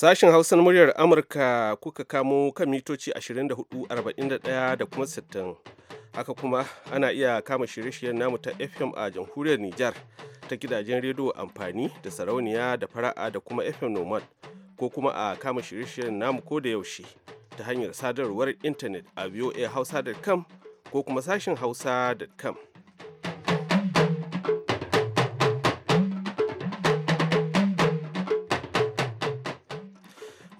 Sashen Hausa na muryar Amurka kuka kamo kan mitoci 24,41 da kuma 60. Haka kuma ana iya kama shirye-shiryen namu ta FM a jamhuriyar Nijar ta gidajen rediyo amfani da sarauniya da fara'a da kuma FM Nomad ko kuma a kama shirye-shiryen namu ko da yaushe ta hanyar sadarwar intanet a voahausa.com ko kuma sashen hausa.com.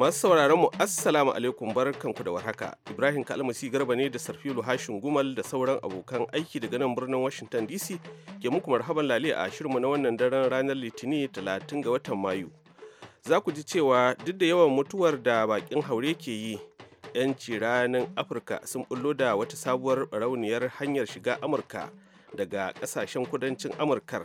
Masu sauraron mu Assalamu alaikum barkanku da warhaka. Ibrahim Kalmasi Garba ne da Sarfilu Hashin Gumal da sauran abokan aiki daga nan birnin Washington DC ke muku marhaban lale a shirinmu na wannan daren ranar Litini 30 ga watan Mayu. Za ku ji cewa duk da yawan mutuwar da bakin haure ke yi, 'yanci ranar Afirka sun bullo da wata sabuwar rauniyar hanyar shiga Amurka daga kasashen kudancin Amurkar.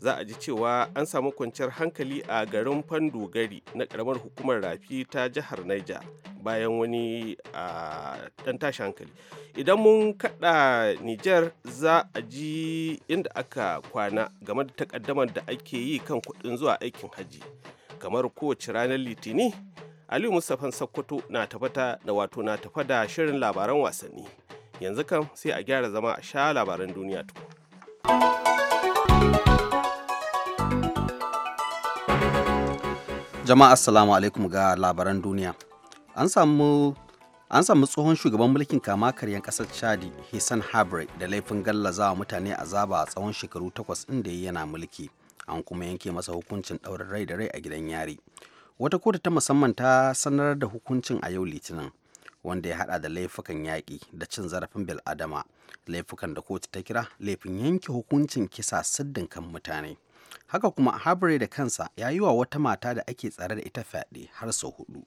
za a ji cewa an samu kwanciyar hankali a garin fandogari na karamar hukumar rafi ta jihar naija bayan wani a dan tashi hankali idan mun kada niger za a ji inda aka kwana game da takaddamar da ake yi kan kudin zuwa aikin haji kamar kowace ranar litini aliyu mustapha sakkwato na tafata da wato na tafa da shirin labaran wasanni yanzu kam sai a gyara zama a sha labaran duniya tukun. Jama'a assalamu alaikum ga labaran duniya. An samu an samu tsohon shugaban mulkin kama karyan kasar Chadi Hisan Habre da laifin gallazawa mutane azaba a tsawon shekaru takwas inda ya yana mulki. An kuma yanke masa hukuncin ɗaurin rai da rai a gidan yari. Wata kotu ta musamman ta sanar da hukuncin a yau Litinin. wanda ya hada da laifukan yaƙi da cin zarafin bil'adama laifukan da kotu ta kira laifin yanke hukuncin kisa siddin kan mutane haka kuma habre da kansa ya yi wa wata mata da ake tsare da ita fyaɗe har sau hudu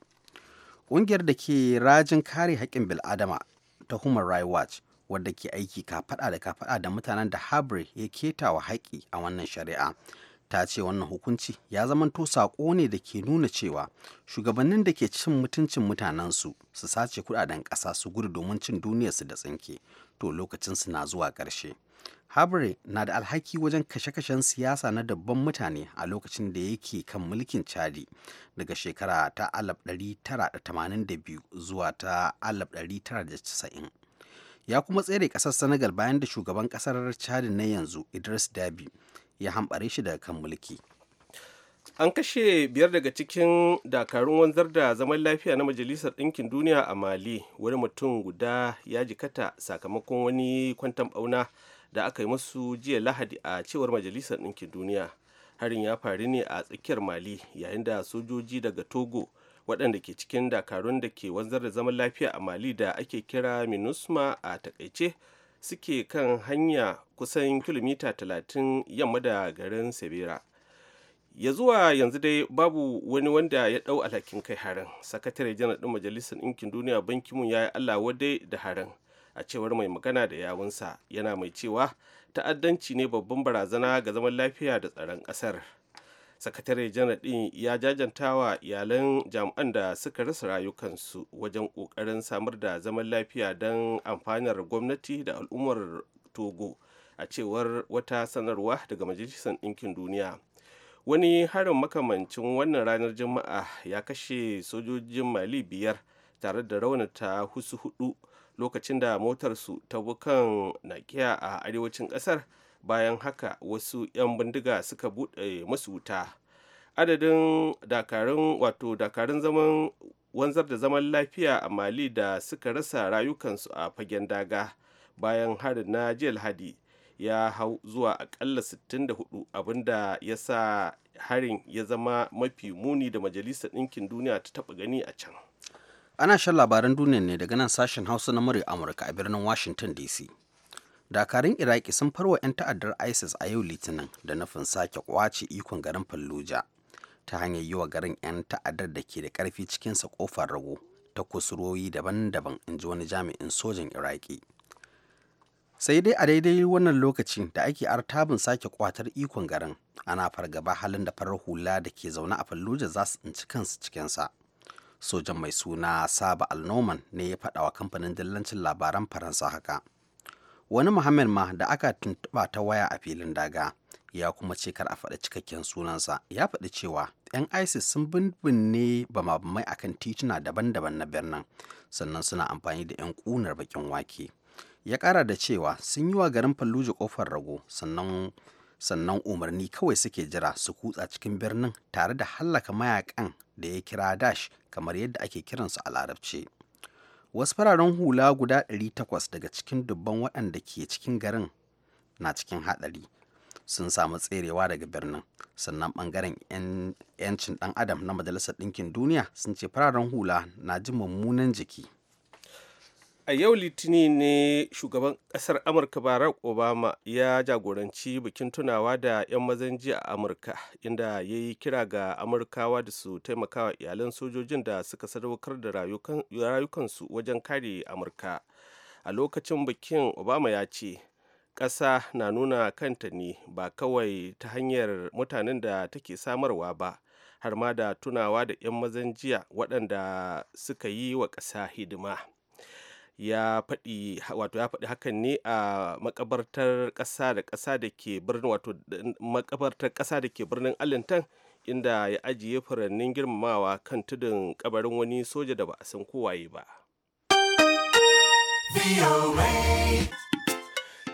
ƙungiyar da ke rajin kare haƙƙin bil'adama ta human rights watch wadda ke aiki kafaɗa da kafaɗa da mutanen da habre ya keta wa haƙƙi a wannan shari'a ta ce wannan hukunci ya zamanto saƙo ne da ke nuna cewa shugabannin da ke cin mutuncin mutanensu su sace kudaden ƙasa su gudu domin cin duniyarsu da tsinke to lokacinsu na zuwa ƙarshe. habre na da alhaki wajen kashe-kashen siyasa na dabban mutane a lokacin da yake kan mulkin chadi daga shekara ta 1982 zuwa ta 1990 ya kuma tsere kasar senegal bayan da shugaban kasar chadi na yanzu idris dabi ya hambare shi da kan mulki an kashe biyar daga cikin dakarun wanzar da zaman lafiya na majalisar ɗinkin duniya a mali wani mutum guda ya jikata sakamakon wani kwantan bauna. da aka yi musu jiya lahadi a cewar majalisar ɗinkin duniya harin ya faru ne a tsakiyar mali yayin da sojoji daga togo waɗanda ke cikin dakarun da ke wanzar da zaman lafiya a mali da ake kira minusma a takaice suke kan hanya kusan kilomita 30 yamma da garin sabera ya zuwa yanzu dai babu wani wanda ya ɗau alhakin kai harin sakatare janar ɗin majalisar ɗinkin duniya bankinmu ya yi allah wadai da harin a cewar mai magana da yawunsa yana mai cewa ta'addanci ne babban barazana ga zaman lafiya da tsaron ƙasar sakatare janar ɗin ya jajantawa iyalan jami'an da suka rasa rayukansu wajen ƙoƙarin samar da zaman lafiya don amfanar gwamnati da al'ummar togo a cewar wata sanarwa daga majalisar ɗinkin duniya wani harin makamancin wannan ranar jima'a ya kashe sojojin mali biyar tare da raunata husu hudu lokacin da motarsu ta bukan nakiya a arewacin kasar bayan haka wasu 'yan bindiga suka buɗe masu wuta adadin dakarun wato dakarun zaman wanzar da zaman lafiya a mali da suka rasa rayukansu a fagen daga bayan harin na jiya hadi ya hau zuwa akalla 64 abinda ya sa harin ya zama mafi muni da majalisar ɗinkin duniya ta taɓa gani a can Ana shan labaran duniya ne daga nan sashen Hausa na murya Amurka a birnin Washington DC. Dakarun Iraki sun farwa 'yan ta'addar ISIS a yau Litinin da nufin sake kwace ikon garin Fallujah ta hanyar yi wa garin 'yan ta'addar da ke da ƙarfi cikinsa kofar rago ta kusurwoyi daban-daban in ji wani jami'in sojan Iraki. sai dai a daidai wannan lokacin da ake artabin sake kwatar ikon garin ana fargaba halin da farar hula da ke zaune a fallujah za su ci kansu cikinsa sojan mai suna saba alnoman ne ya faɗa wa kamfanin dillancin labaran faransa haka wani muhammad ma da aka tuntuɓa ta waya a filin daga ya kuma ce kar a faɗi cikakken sunansa ya faɗi cewa 'yan isis sun bimbinne bamabamai akan tituna daban-daban na birnin sannan suna amfani da 'yan ƙunar bakin wake ya ƙara da cewa sun yi wa garin fallujah kofar rago sannan sannan umarni kawai suke jira su kutsa cikin birnin tare da hallaka mayakan da ya kira dash kamar yadda ake kiransu a larabci wasu fararen hula guda 800 daga cikin dubban waɗanda ke cikin garin na cikin haɗari sun samu tserewa daga birnin sannan ɓangaren 'yancin ɗan adam na majalisar ɗinkin duniya sun ce fararen hula na ji mummunan jiki a yau litinin ne shugaban kasar amurka barack obama ya jagoranci bikin tunawa da 'yan mazan jiya a amurka inda ya yi kira ga amurkawa da su taimakawa iyalan sojojin da suka sadaukar da rayukansu wajen kare amurka a lokacin bikin obama ya ce ƙasa na nuna kanta ne ba kawai ta hanyar mutanen da take samarwa ba har ma da tunawa da 'yan mazan jiya waɗanda suka yi wa ƙasa hidima. ya faɗi faɗi hakan ne a makabartar ƙasa da ƙasa da ke birnin wato makabartar ƙasa da ke birnin Allentown inda ya ajiye furannin girmamawa kan tudun kabarin wani soja da ba a san kowaye ba.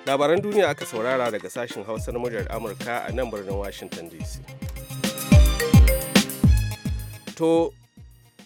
Labaran duniya aka saurara daga sashen Hausa na muryar Amurka a nan birnin Washington DC. To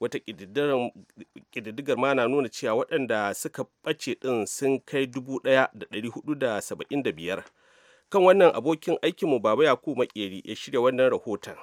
wata ƙididdigar ma na nuna cewa waɗanda suka ɓace ɗin sun kai dubu ɗaya da da saba'in biyar. kan wannan abokin aikinmu baba yakubu makeri ya shirya wannan rahoton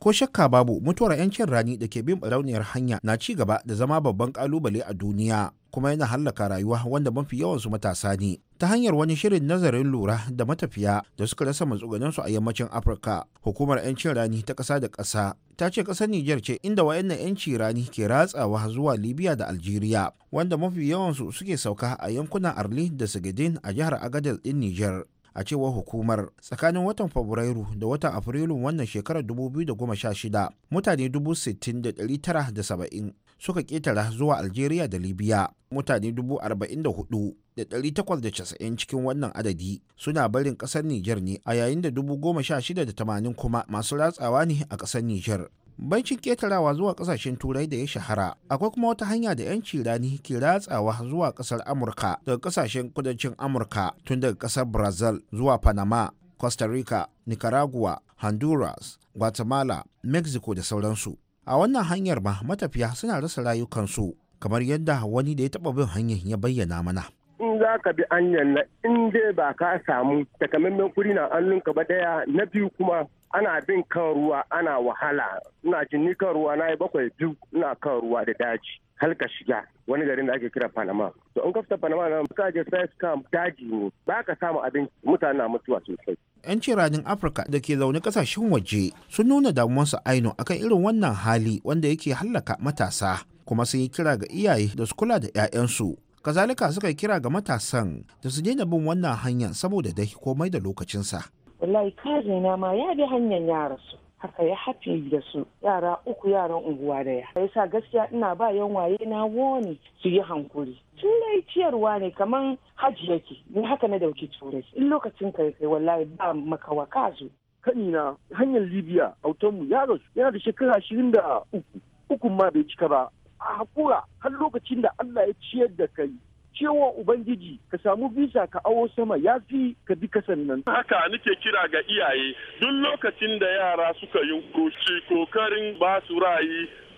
ko shakka babu mutuwar 'yancin rani da ke bin barauniyar hanya na ci gaba da zama babban kalubale a duniya kuma yana hallaka rayuwa wanda mafi yawansu matasa ne ta hanyar wani shirin nazarin lura da matafiya da suka rasa matsugunansu a yammacin afirka hukumar 'yancin rani ta ƙasa da ƙasa ta ce ƙasar niger ce inda wayannan 'yanci rani ke ratsawa zuwa libya da algeria wanda mafi yawansu suke sauka a yankunan arli da sigidin a jihar agadez din niger a cewar hukumar tsakanin watan fabrairu da watan afrilu wannan shekarar 2016 mutane 60,970 suka ketara zuwa algeria da libya mutane 44,890 cikin wannan adadi suna barin kasar niger ne a yayin da 16,080 kuma masu ratsawa ne a kasar niger bancin ketarawa zuwa kasashen turai da ya shahara akwai kuma wata hanya da 'yanci rani ke ratsawa zuwa kasar amurka daga kasashen kudancin amurka tun daga kasar brazil zuwa panama costa rica nicaragua honduras guatemala mexico da sauransu a wannan hanyar ma matafiya suna rasa rayukansu kamar yadda wani da ya taɓa bin hanyar ya bayyana mana in za ka bi anyan na in dai ba ka samu takamaiman kuri na annunka ba daya na biyu kuma ana bin kan ruwa ana wahala ina jin ni kan ruwa na yi bakwai biyu ina kan ruwa da daji halka shiga wani garin da ake kira panama to in kafta panama na ka je sai camp daji ne ba ka samu abinci mutane na mutuwa sosai yan cirajin afirka da ke zaune kasashen waje sun nuna damuwarsu aino akan irin wannan hali wanda yake hallaka matasa kuma sun yi kira ga iyaye da su kula da 'ya'yansu kazalika suka yi kira ga matasan da su daina bin wannan hanyar saboda dai komai da lokacinsa wallahi kaje na ma ya bi hanyar yara su haka ya hafi da su yara uku yaran unguwa da ya? ya sa gaskiya ina ba yan waye na woni su yi hankuri tun dai ciyarwa ne kaman hajji yake ni haka na dauki turai in lokacin ka kai wallahi ba makawa ka zo kanina hanyar libya autonmu ya rasu yana da shekara ashirin da uku ukun ma bai cika ba a haƙura har lokacin da Allah ya ciyar da kai cewa Ubangiji ka samu visa ka awo sama ya fi ka bi kasan nan. Haka nake kira ga iyaye duk lokacin da yara suka yi koci kokarin ba su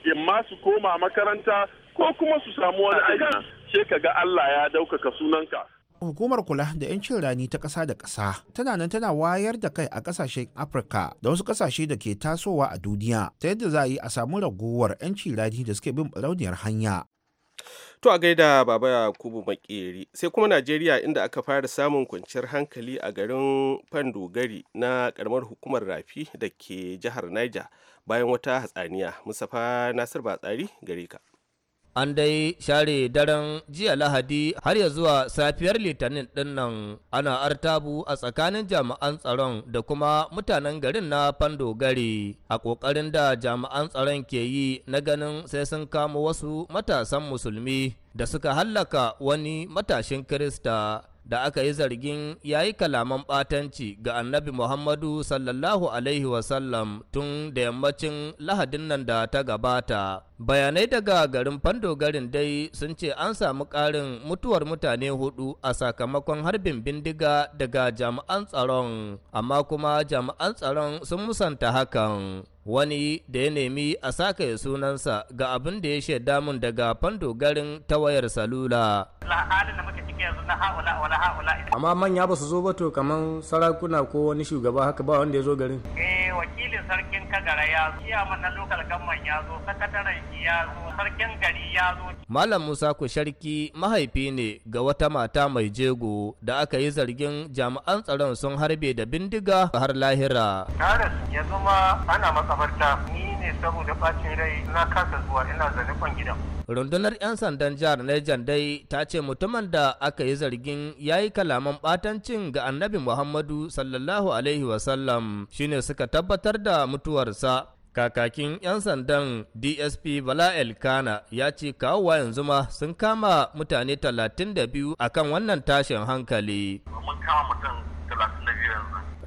in ma su koma makaranta ko kuma su samu wani aiki sai ka ga Allah ya ɗaukaka sunanka. hukumar kula da 'yancin rani ta ƙasa da ƙasa tana nan tana wayar da kai a ƙasashen afirka da wasu ƙasashe da ke tasowa a duniya ta yadda za a yi a samu raguwar 'yancin rani da suke bin rauniyar hanya To a gaida Baba Yakubu Makeri sai kuma Najeriya inda aka fara samun kwanciyar hankali a garin Fandogari na karamar hukumar Rafi da ke jihar Niger bayan wata hatsaniya. mustafa Nasir Batsari gare ka. An dai share daren jiya Lahadi har ya zuwa safiyar Litinin dinnan ana artabu a tsakanin jami'an tsaron da kuma mutanen garin na Fando gari a ƙoƙarin da jami'an tsaron ke yi na ganin sai sun kama wasu matasan musulmi da suka hallaka wani matashin Kirista da aka yi zargin ya yi kalaman batanci ga annabi Muhammadu sallallahu Alaihi wasallam tun da yammacin Lahadin nan da ta gabata. bayanai daga garin fando garin dai sun ce an samu ƙarin mutuwar mutane hudu a sakamakon harbin bindiga daga jami'an tsaron amma kuma jami'an tsaron sun musanta hakan wani da ya nemi a saka sunansa ga abin da ya shaida mun daga fando garin ta wayar salula amma manya ba su zo ba to sarakuna ko wani shugaba haka ba wanda ya zo garin eh wakilin sarkin kagara ya zo iya mana lokal gamman ya zo sakataren Malam Musa Kusharki mahaifi ne ga wata mata mai jego da aka yi zargin jami'an tsaron sun harbe da bindiga har lahira. karas ya zama ana makabarta ni ne saboda bacin rai na kasa zuwa ina zane kwan gidan. Rundunar 'yan sandan jihar Niger dai ta ce mutumin da aka yi zargin ya yi kalaman batancin ga annabi Muhammadu sallallahu alaihi wasallam shine suka tabbatar da mutuwarsa. kakakin 'yan sandan dsp bala elkana ya ce kawowa yanzu ma sun kama mutane 32 akan wannan tashin hankali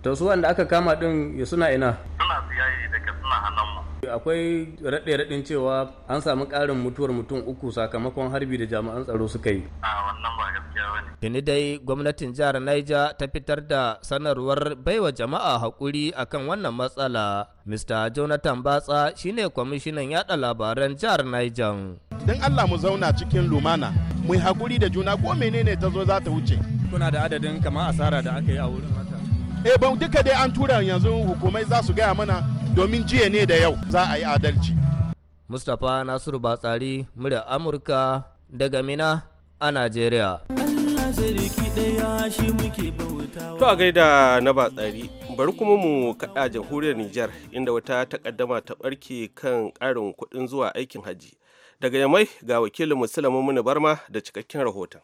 to su wanda aka kama din suna ina suna siyayi daga suna hannunmu akwai raɗe-raɗin cewa an samu ƙarin mutuwar mutum uku sakamakon harbi da jami'an tsaro suka yi a wannan ba gaskiya bane tuni dai gwamnatin jihar Niger ta fitar da sanarwar baiwa jama'a haƙuri akan wannan matsala Mr. Jonathan Batsa shine kwamishinan yada labaran jihar Niger don Allah mu zauna cikin lumana mu yi hakuri da juna ko menene ta zo za ta wuce kuna da adadin kamar asara da aka yi a wurin E ban duka dai an tura yanzu hukumai za su gaya mana domin jiya ne da yau za a yi adalci mustapha nasiru batsari murya amurka daga mina a najeriya To a gaida na batsari bari kuma mu kaɗa jamhuriyar Nijar inda wata takaddama ta ɓarke kan ƙarin kuɗin zuwa aikin hajji. Daga yamai ga wakilin Musulman Muni Barma da cikakken rahoton.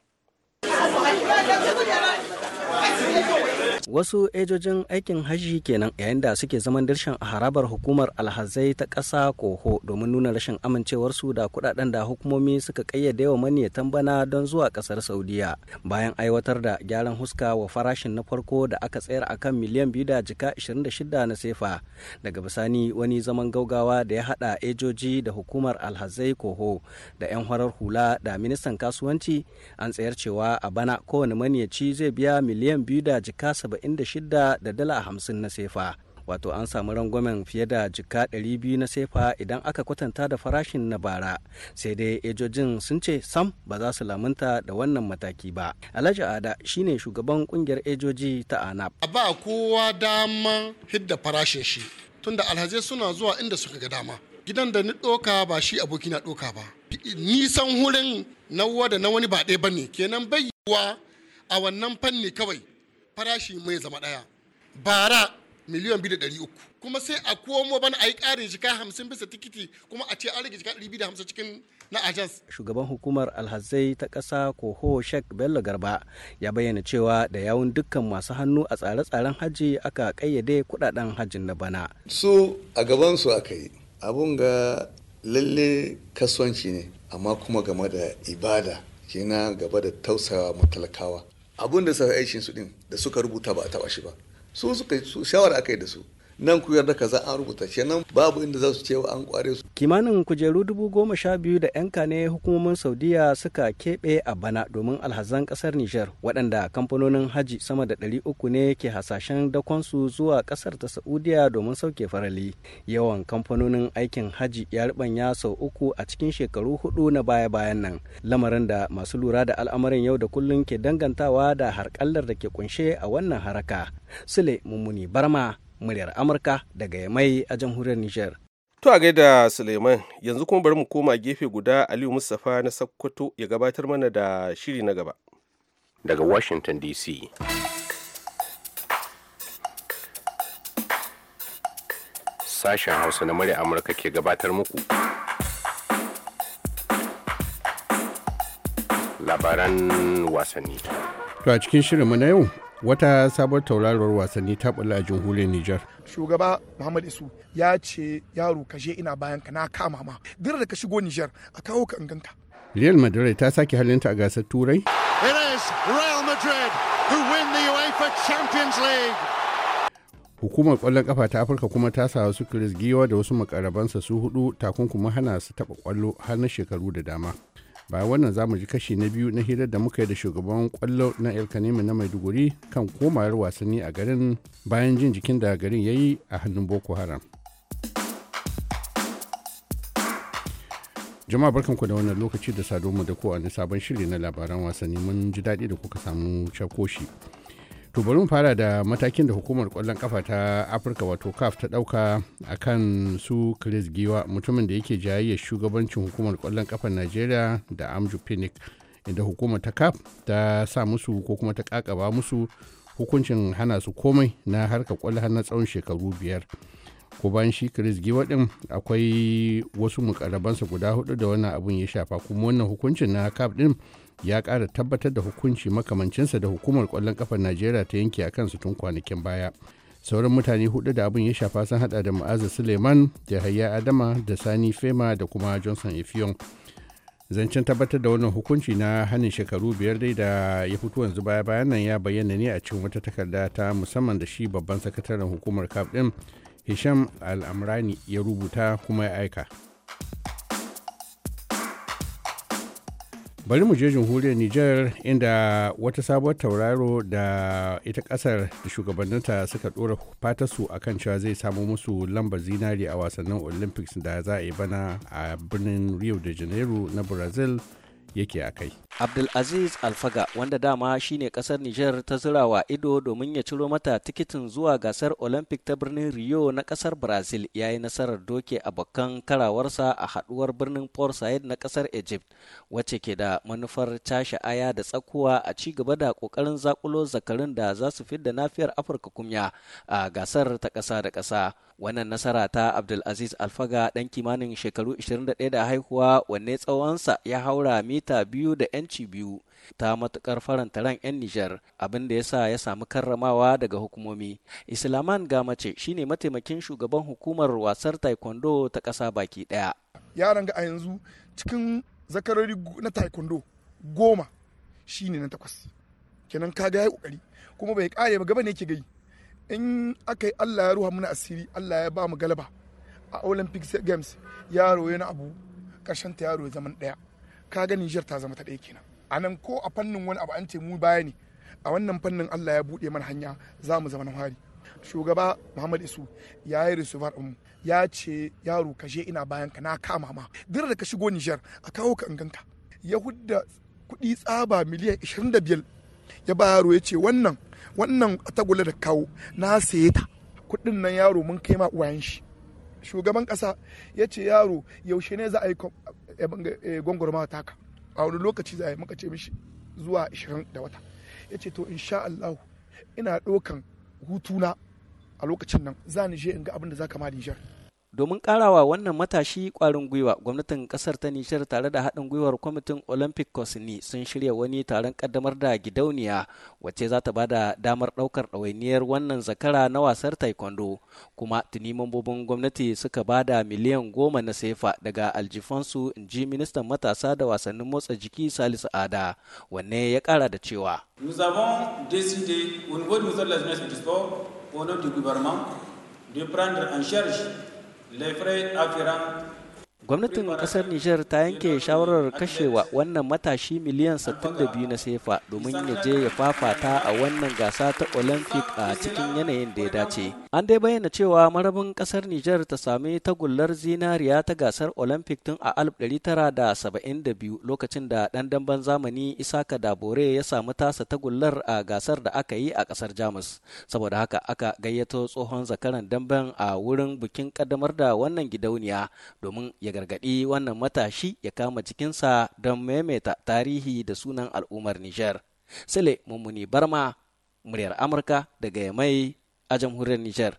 wasu ejojin aikin hajji kenan yayin da suke zaman dirshan a harabar hukumar alhazai ta ƙasa koho domin nuna rashin amincewarsu da kuɗaɗen da hukumomi suka ƙayyade wa maniyatan bana don zuwa ƙasar saudiya bayan aiwatar da gyaran huska wa farashin na farko da aka tsayar a kan miliyan biyu da jika 26 na sefa daga bisani wani zaman gaugawa da ya haɗa ejoji da hukumar alhazai koho da 'yan farar hula da ministan kasuwanci an tsayar cewa a bana kowane maniyaci zai biya miliyan biyu da jika 70 46 da dala hamsin na sefa wato an samu rangwamen fiye da jika 200 na sefa idan aka kwatanta da farashin na bara sai dai ejojin sun ce sam ba za su lamunta da wannan mataki ba alhaji ada shine shugaban kungiyar ejoji ta anap a ba kowa dama hidda farashin shi tunda alhazai suna zuwa inda suka ga dama gidan da ni doka ba shi aboki na doka ba nisan hurin nawa da na wani ba ɗaya bane kenan bai a wannan fanni kawai farashi mai zama ɗaya bara miliyan biyu da ɗari uku kuma sai a komo bana a yi ƙarin shiga hamsin bisa tikiti kuma a ce an rage shiga ɗari biyu da hamsin cikin na ajans. Shugaban hukumar alhazai ta ƙasa Koho shek Bello Garba ya bayyana cewa da yawun dukkan masu hannu a tsare-tsaren hajji aka ƙayyade kuɗaɗen hajjin na bana. Su a gabansu aka yi abun ga lalle kasuwanci ne amma kuma game da ibada kina gaba da tausawa matalakawa abun da suka aikin su din da suka rubuta ba a taba shi ba su suka shawara aka yi da su nan ku yarda kaza an rubuta nan babu inda za su ce an kware su kimanin kujeru dubu goma sha biyu da yan ne hukumomin saudiya suka keɓe a bana domin alhazan ƙasar niger waɗanda kamfanonin haji sama da ɗari uku ne ke hasashen dakonsu zuwa ƙasar ta saudiya domin sauke farali yawan kamfanonin aikin haji ya ribanya sau uku a cikin shekaru hudu na baya-bayan nan lamarin da masu lura da al'amarin yau da kullum ke dangantawa da harkallar da ke kunshe a wannan haraka sule mummuni barma muryar Amurka daga Yamai a jamhuriyar Nijar. To a gaida Suleiman yanzu kuma bari mu koma gefe guda Aliyu Mustapha na Sokoto ya gabatar mana da shiri na gaba. Daga Washington DC. Sashen Hausa na murya Amurka ke gabatar muku. Labaran wasanni. To a cikin shirin na yau wata sabuwar tauraruwar wasanni ta bula a jamhuriyar Nijar. Shugaba Muhammad Isu ya ce yaro kashe ina bayan ka na kama ma. Dira da ka shigo Nijar a kawo ka inganta. Real Madrid ta sake halinta a gasar Turai. It is Real Madrid who win the UEFA Champions League. Hukumar kwallon kafa ta Afirka kuma ta sa wasu Chris Giwa da wasu makarabansa su hudu takunkuma hana su taba kwallo har na shekaru da dama. bayan wannan za mu ji kashi na biyu na hirar da muka yi da shugaban kwallo na el na maiduguri kan komayar wasanni a garin bayan jin jikin da garin ya yi a hannun boko haram jama'a barkanku da wannan lokaci da mu da ku a sabon shiri na labaran wasanni mun ji daɗi da kuka samu cakoshi. to bari mu fara da matakin da hukumar kwallon kafa ta afirka wato caf ta dauka a kan su chris giwa mutumin da yake jayayyar shugabancin hukumar kwallon kafar nigeria da amju phoenix inda hukumar ta caf ta sa musu ko kuma ta kakaba musu hukuncin hana su komai na harkar kwallon har na tsawon shekaru biyar ko bayan shi chris giwa din akwai wasu mukarabansa guda hudu da wannan abun ya shafa kuma wannan hukuncin na caf din ya ƙara tabbatar da hukunci makamancinsa da hukumar kwallon ƙafar najeriya ta yanke a kansu tun kwanakin baya sauran mutane hudu da abin ya shafa sun hada da ma'aza suleiman da hayya adama da sani fema da kuma johnson efiyon zancen tabbatar da wannan hukunci na hannun shekaru biyar dai da ya fito yanzu baya bayan nan ya bayyana ne a cikin wata takarda ta musamman da shi babban sakataren hukumar kaf din hisham al'amrani ya rubuta kuma ya aika bari mu je jamhuriyar nijar inda wata sabuwar tauraro da ita kasar da shugabanninta suka dora fatarsu a kan cewa zai samu musu lambar zinari a wasannin olympics da za a yi bana a birnin rio de janeiro na brazil yake a kai. Abdulaziz Alfaga wanda dama shine kasar Nijar ta zirawa ido domin ya ciro mata tikitin zuwa gasar Olympic ta birnin Rio na kasar Brazil ya yi nasarar doke a abokan karawarsa a haduwar birnin Port Said na kasar Egypt wacce ke da manufar tashi aya da tsakuwa a ci gaba da kokarin zakulo zakarin da za su fidda nafiyar Afirka kumya a gasar ta kasa da kasa. wannan nasara ta abdulaziz alfaga ɗan kimanin shekaru 21 da haihuwa wanne tsawonsa ya haura mita biyu da yanci biyu ta matukar faranta ran 'yan nijar abin ya sa ya samu karramawa daga hukumomi islaman gamace shine mataimakin shugaban hukumar wasar taekwondo ta ƙasa baki ɗaya yaran ga a yanzu cikin zakarori na taekwondo goma shine na takwas kenan ka ga ya kokari kuma bai kare ba gaba ne yake gai in aka yi Allah ya ruha muna asiri Allah ya ba mu galaba a Olympic Games yaro yana abu karshen ta yaro ya zaman daya kaga Niger ta zama ta daya kenan a nan ko a fannin wani abu an ce mu baya ne a wannan fannin Allah ya buɗe mana hanya za mu zama na hari shugaba Muhammad Isu ya yi risuvar mu ya ce yaro ka je ina bayan ka na kama ma duk da ka shigo Niger a kawo ka inganta ya hudda kuɗi tsaba miliyan 25 ya ba yaro ya ce wannan wannan tagulla da kawo na saye ta kudin nan yaro mun kai ma uwayen shi shugaban ƙasa ya ce yaro yaushe ne za a yi eh, eh, gwangwarma taka a wani lokaci za a yi muka ce mishi zuwa 20 da wata ya ce to insha Allah ina ɗaukan hutuna a lokacin nan za ni je in ga abin da za ka ma Nijar. domin karawa wannan matashi kwarin gwiwa gwamnatin kasar ta nishar tare da haɗin gwiwar kwamitin olympic ne sun shirya wani taron kaddamar da gidauniya wacce za ta da damar ɗaukar ɗawainiyar wannan zakara na wasar taekwondo kuma tuni mambobin gwamnati suka ba da miliyan goma na sefa daga aljifansu in ji ministan matasa da wasannin motsa jiki salisu ada wanne ya kara da cewa de prendre en charge les frais afférents gwamnatin kasar nijar ta yanke shawarar kashewa wannan matashi miliyan 62 na sefa domin ya je ya fafata a wannan gasa ta olympic a cikin yanayin da ya dace an dai bayyana cewa marabin kasar nijar ta sami tagullar zinariya ta gasar olympic tun a 1972 lokacin da dan damben zamani isaka dabore ya samu tasa tagullar a gasar da aka yi a kasar jamus saboda haka aka gayyato tsohon zakaran damben a wurin bikin kaddamar da wannan gidauniya domin ya ya gargaɗi wannan matashi ya kama cikinsa don maimaita tarihi da sunan al'ummar Nijar. sile Mummuni Barma, muryar Amurka daga Yamai a jamhuriyar Nijar.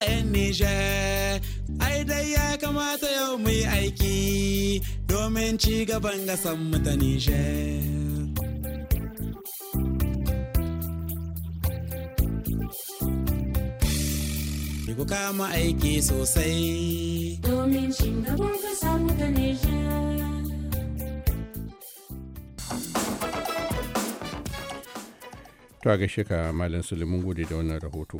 ya kamata yau mu aiki domin ci gaban mu ta Nijar. ki ku kama aiki sosai. Domin shingaban ka samu ta To ta gaishe ka Malam Suleiman gode da wannan rahoto.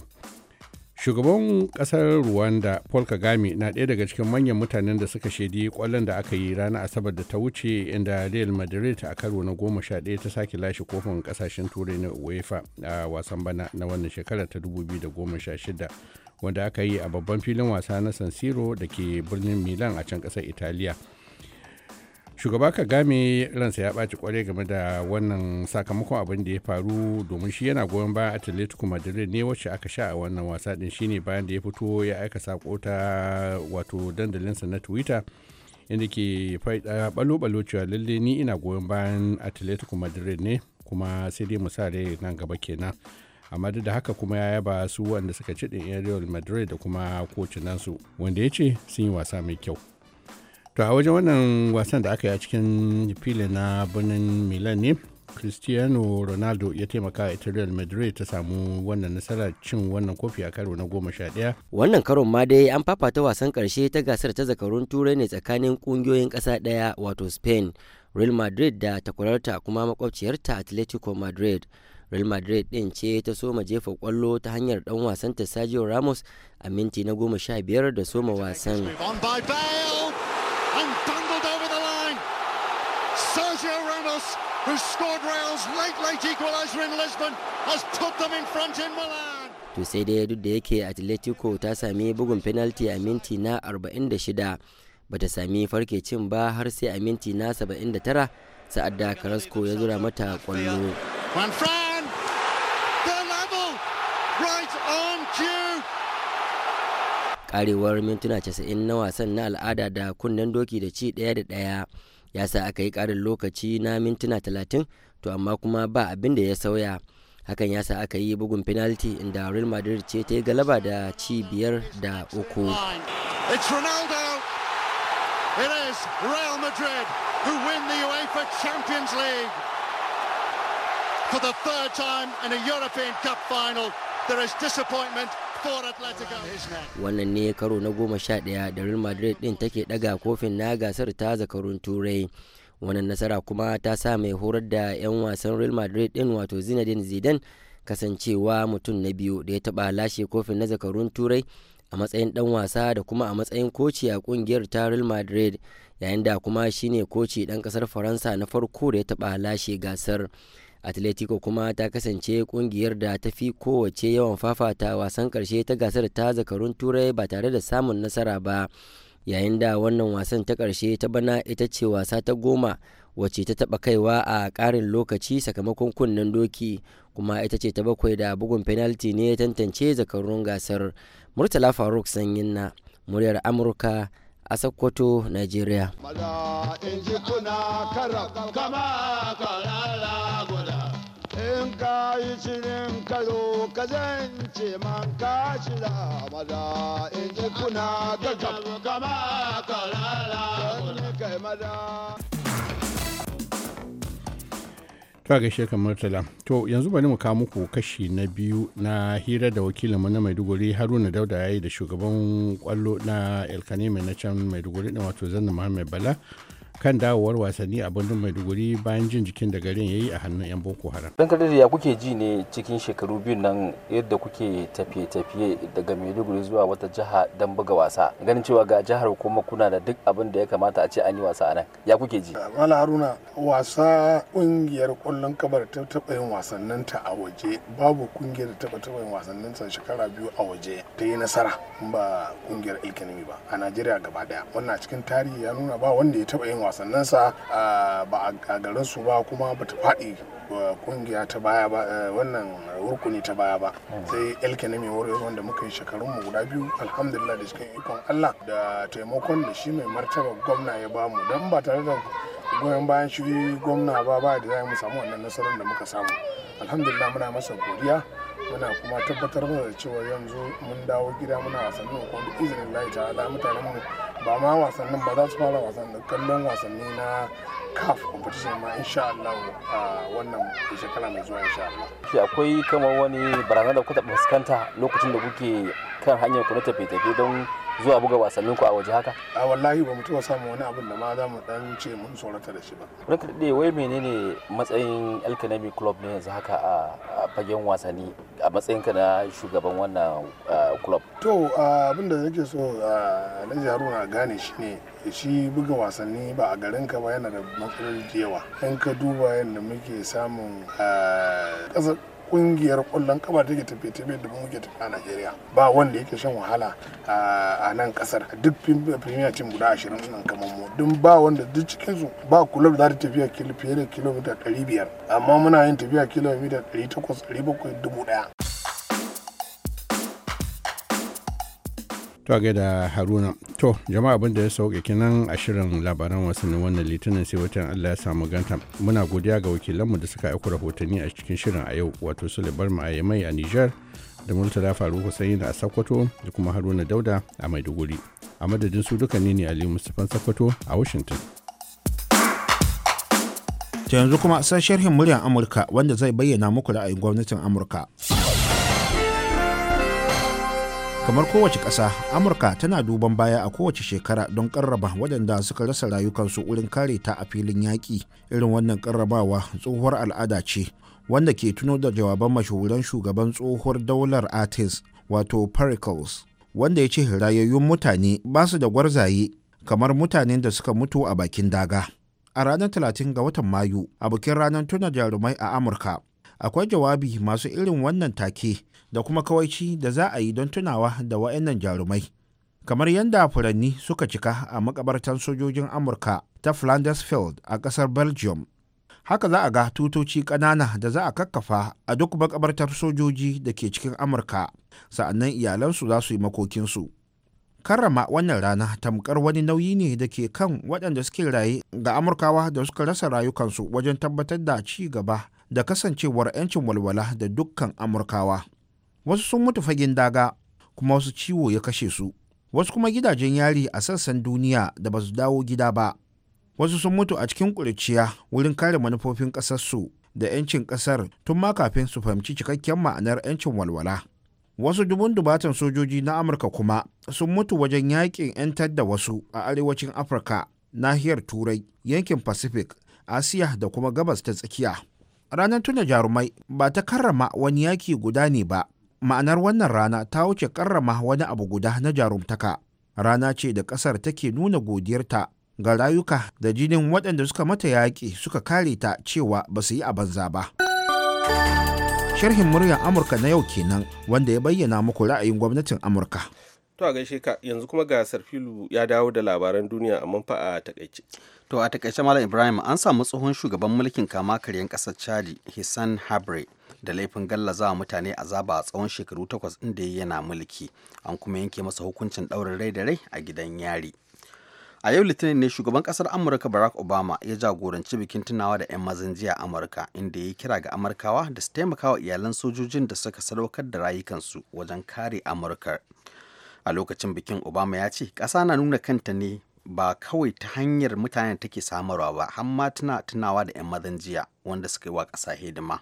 shugaban kasar rwanda paul kagame na ɗaya daga cikin manyan mutanen da suka shaidi kwallon da aka yi ranar asabar da ta wuce inda real madrid a karo na goma sha ɗaya ta sake lashe kofin kasashen turai na uefa a wasan bana na wannan shekarar ta 2016 wanda aka yi a babban filin wasa na san siro da ke birnin milan a can ƙasar italiya shugaba kagame ransa ya ɓaci kwarai game da wannan sakamakon abin da ya faru domin shi yana goyon bayan atletico madrid ne wacce aka sha a wannan wasa din shine bayan da ya fito ya aika sako ta wato dandalinsa na twitter inda ke faɗa balo-balo cewa lalle ni ina goyon bayan atletico madrid ne kuma sai dai misali nan gaba kenan amma duk da haka kuma ya yaba su wanda suka ci din real madrid da kuma kocinan wanda ya ce sun yi wasa mai kyau to a wajen wannan wasan da aka yi a cikin fili na birnin milan ne cristiano ronaldo ya taimaka ita real madrid ta samu wannan nasarar cin wannan kofi a karo na goma sha ɗaya wannan karon ma dai an fafata wasan karshe ta gasar ta zakarun turai ne tsakanin kungiyoyin ƙasa ɗaya wato spain real madrid da takwararta kuma makwabciyarta atletico madrid real madrid din ce ta soma jefa kwallo ta hanyar dan wasanta sergio ramos a minti na goma sha biyar da soma wasan Carlos, who scored Real's late-late equaliser in Lisbon, has put them in front in Milan. To sai dai duk da yake Atletico ta sami bugun penalty a minti na 46 bata sami farke cin ba har sai a minti na 79 sa'ad da Carrasco ya zura mata kwallo. Karewar mintuna 90 na wasan na al'ada da kunnen doki da ci ɗaya da ɗaya ya sa aka yi ƙarin lokaci na mintuna talatin to amma kuma ba abin da ya sauya hakan ya sa aka yi bugun penalty inda real madrid ce ta yi galaba da ci biyar da uku win For the third time in a European Cup final, there is disappointment Wannan ne karo na goma sha ɗaya da Real Madrid din take ɗaga kofin na gasar ta zakarun Turai. Wannan nasara kuma ta sa mai horar da 'yan wasan Real Madrid ɗin wato Zinedine Zidane kasancewa mutum na biyu da ya taba lashe kofin na zakarun Turai a matsayin ɗan wasa da kuma a matsayin koci a ƙungiyar ta Real Madrid yayin da kuma shine koci ɗan kasar Faransa na farko da ya taba lashe gasar. atletico kuma ta kasance kungiyar da ta fi kowace yawan fafata wasan karshe ta gasar ta zakarun turai ba tare da samun nasara ba yayin da wannan wasan ta karshe ta bana ita ce wasa ta goma wacce ta taba kaiwa a karin lokaci sakamakon kunnen doki kuma ita ce ta bakwai da bugun penalty ne ya tantance zakarun gasar murtala faruk sanyin na muryar amurka a sokoto nigeria ka yi shirin karo ka zance man ka shira mada in ji kuna ga gama kalala mada to gaishe shekar murtala to yanzu bari mu kawo muku kashi na biyu na hira da wakilinmu na maiduguri haruna dauda ya yi da shugaban kwallo na elkanemi na can maiduguri na wato zanna muhammad bala kan dawowar wasanni a birnin maiduguri bayan jin jikin da garin ya yi a hannun 'yan boko haram dan kadar ya kuke ji ne cikin shekaru biyu nan yadda kuke tafiye-tafiye daga maiduguri zuwa wata jiha don buga wasa ganin cewa ga jihar kuma kuna da duk abin da ya kamata a ce an yi wasa a nan ya kuke ji mala haruna wasa kungiyar kwallon kabar ta taɓa yin wasannin ta a waje babu kungiyar da taɓa taɓa yin wasannin ta shekara biyu a waje ta yi nasara ba kungiyar ilkanimi ba a najeriya gaba daya wannan cikin tarihi ya nuna ba wanda ya taɓa yin wasanninsa ba a garin su ba kuma ba ta faɗi kungiya ta baya ba eh, wannan rukuni ta baya ba sai elke na warriors wanda muka yi shekarun mu guda biyu alhamdulillah da cikin ikon allah da taimakon da shi mai martaba gwamna ya bamu don ba tare da goyon bayan shi gwamna ba ba da za mu samu wannan nasarar da muka samu alhamdulillah muna masa godiya muna kuma tabbatar da cewa yanzu mun dawo gida muna wasannin ko izinin lahi ta'ala mutanen mu ba ma wasannin ba za su fara wasannin kallon wasanni na caf competition ma insha Allah a wannan shekara mai zuwa insha Allah shi akwai kamar wani barazana da kuka fuskanta lokacin da kuke kan hanyar ku na tafiye tafi don zuwa buga wasannin ku a waje haka a wallahi ba mutuwa samu wani abin da ma za mu dan ce mun tsorata da shi ba rukar dade wai menene matsayin alkanami club ne yanzu haka a fagen wasanni a matsayin ka na shugaban wannan club to abin da nake so na haruna gane shi ne shi buga wasanni ba a garin ka ba yana da matsalar jewa. in ka duba yadda muke samun ƙasar kungiyar kwallon kafa take tafiye-tafiye da muke tafi a Najeriya ba wanda yake shan wahala a nan kasar duk premier team guda 20 suna kamar mu dun ba wanda duk cikin su ba club za ta tafiya fiye da kilomita 500 amma muna yin tafiya kilomita 800 700 1000 to ga da haruna to jama'a abinda ya sauke kinan a shirin labaran wasannin wannan litinin sai watan allah ya samu ganta muna godiya ga wakilanmu da suka aiko rahotanni a cikin shirin a yau wato sulebar ma'ayyamai a niger da murtala faru hussein da a sokoto da kuma haruna dauda a maiduguri a madadin su duka ne ne ali mustapha sokoto a washington yanzu kuma sai sharhin muryar amurka wanda zai bayyana muku ra'ayin gwamnatin amurka. kamar kowace ƙasa amurka tana duban baya a kowace shekara don ƙarraba waɗanda suka rasa rayukansu wurin kare ta a filin yaƙi irin wannan ƙarrabawa tsohuwar al'ada ce wanda ke tuno da jawaban mashahuran shugaban tsohuwar daular artis wato pericles wanda ya ce rayayyun mutane ba su da gwarzaye kamar mutanen da suka mutu a bakin daga a ranar 30 ga watan mayu a bikin ranar tuna jarumai a amurka akwai jawabi masu irin wannan take da kuma kawaici da za a yi don tunawa da wa'annan jarumai kamar yadda furanni suka cika a makabartan sojojin amurka ta flanders field a kasar belgium haka za a ga tutoci ƙanana da za a kakkafa a duk makabartar sojoji da ke cikin amurka sa'annan iyalansu za su yi makokinsu karrama wannan rana tamkar wani nauyi ne da ke kan waɗanda suke raye ga amurkawa da suka rasa rayukansu wajen tabbatar da ci gaba da kasancewar 'yancin walwala da dukkan amurkawa wasu sun mutu fagen daga kuma wasu ciwo ya kashe su wasu kuma gidajen yari a sassan duniya da ba su dawo gida ba wasu sun mutu a cikin ƙuriciya wurin kare manufofin ƙasarsu da 'yancin ƙasar tun ma kafin su fahimci cikakken ma'anar 'yancin walwala wasu dubun dubatan sojoji na amurka kuma sun mutu wajen yakin 'yantar da wasu a arewacin afirka nahiyar turai yankin pacific asiya da kuma gabas ta tsakiya ranar tuna jarumai ba ta karrama wani yaki guda ne ba ma'anar wannan rana ta wuce karrama wani abu guda na jarumtaka rana ce da ƙasar take nuna godiyarta ga rayuka da jinin waɗanda suka mata yaƙi suka kare ta cewa ba su yi a banza ba. Sharhin muryar Amurka na yau kenan wanda ya bayyana muku ra'ayin gwamnatin Amurka. To a gaishe ka yanzu kuma ga Sarfilu ya dawo da labaran duniya amma fa a takaice. To a takaice Malam Ibrahim an samu tsohon shugaban mulkin kama karyan ƙasar Chadi Hissan Habre da laifin gallaza mutane azaba a tsawon shekaru takwas inda yana mulki an kuma yanke masa hukuncin ɗaurin rai da rai a gidan yari. A yau Litinin ne shugaban ƙasar Amurka Barack Obama ya jagoranci bikin tunawa da 'yan mazan jiya Amurka inda ya kira ga Amurkawa da su taimakawa iyalan sojojin da suka sadaukar da rayukansu wajen kare Amurka. A lokacin bikin Obama ya ce ƙasa na nuna kanta ne ba kawai ta hanyar mutanen take samarwa ba har ma tana tunawa da 'yan mazan jiya wanda suka yi wa ƙasa hidima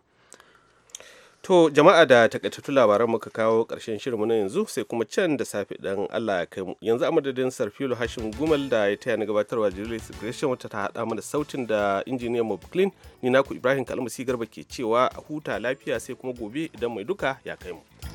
to jama'a da takaitattu labaran muka kawo ƙarshen shirin na yanzu sai kuma can da safe dan Allah ya kai mu yanzu a madadin sarfilo hashim gumal da ya taya na gabatarwa julius gresham wata ta haɗa mana sautin da injiniyan mob clean ni naku ibrahim kalmasi garba ke cewa a huta lafiya sai kuma gobe idan mai duka ya kai mu